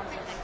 agence